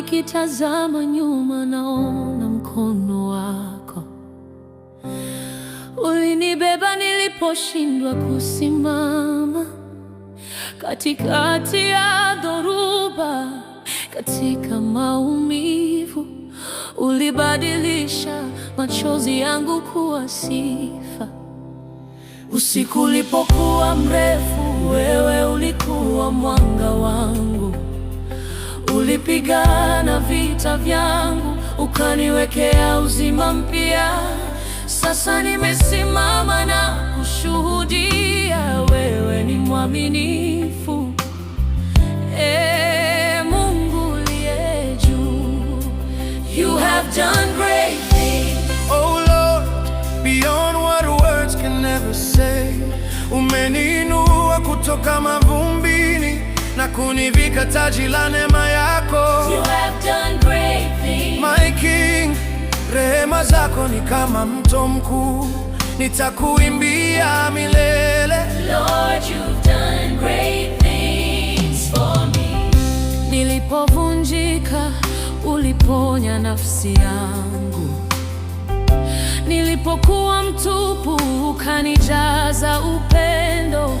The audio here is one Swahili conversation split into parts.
nikitazama nyuma, naona mkono wako ulinibeba niliposhindwa kusimama, katikati ya dhoruba, katika maumivu, ulibadilisha machozi yangu kuwa sifa. Usiku ulipokuwa mrefu, wewe ulikuwa mwanga wangu Ulipigana vita vyangu, ukaniwekea uzima mpya. Sasa nimesimama na kushuhudia, wewe ni mwaminifu, e Mungu uliye juu. You have done great things, oh Lord, beyond what words can ever say. Umeniinua kutoka mavumbi na kunivika taji la neema yako. You have done great things. My King, rehema zako ni kama mto mkuu, nitakuimbia milele. Lord, you've done great things for me. Nilipovunjika uliponya nafsi yangu, nilipokuwa mtupu ukanijaza upendo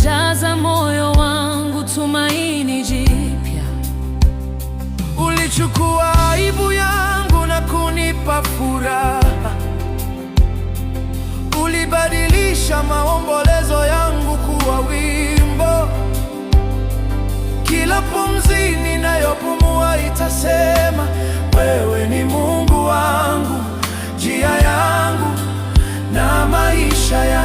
ulijaza moyo wangu tumaini jipya, ulichukua aibu yangu na kunipa furaha, ulibadilisha maombolezo yangu kuwa wimbo. Kila pumzi ninayopumua itasema wewe ni Mungu wangu, njia yangu na maisha yangu.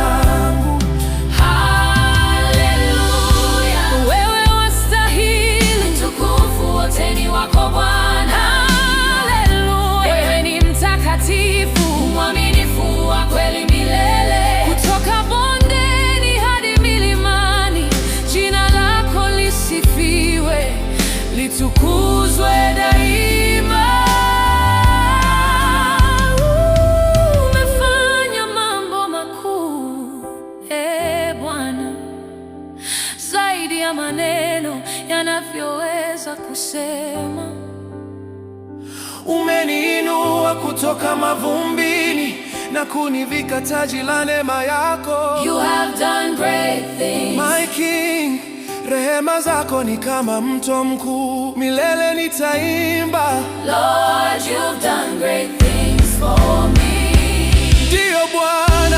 yanavyoweza kusema. Umeniinua kutoka mavumbini na kunivika taji la neema yako. You have done great things. My King, rehema zako ni kama mto mkuu, milele nitaimba. Lord, you've done great things for me. Ndio Bwana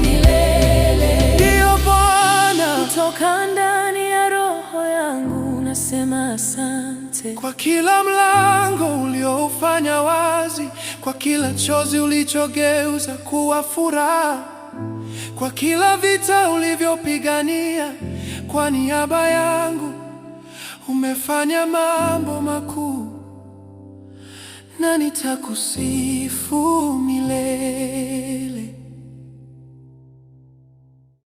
milele. Ndiyo Bwana, kutoka ndani ya roho yangu nasema asante kwa kila mlango ulioufanya wazi, kwa kila chozi ulichogeuza kuwa furaha, kwa kila vita ulivyopigania kwa niaba yangu. Umefanya mambo makuu na nitakusifu milele.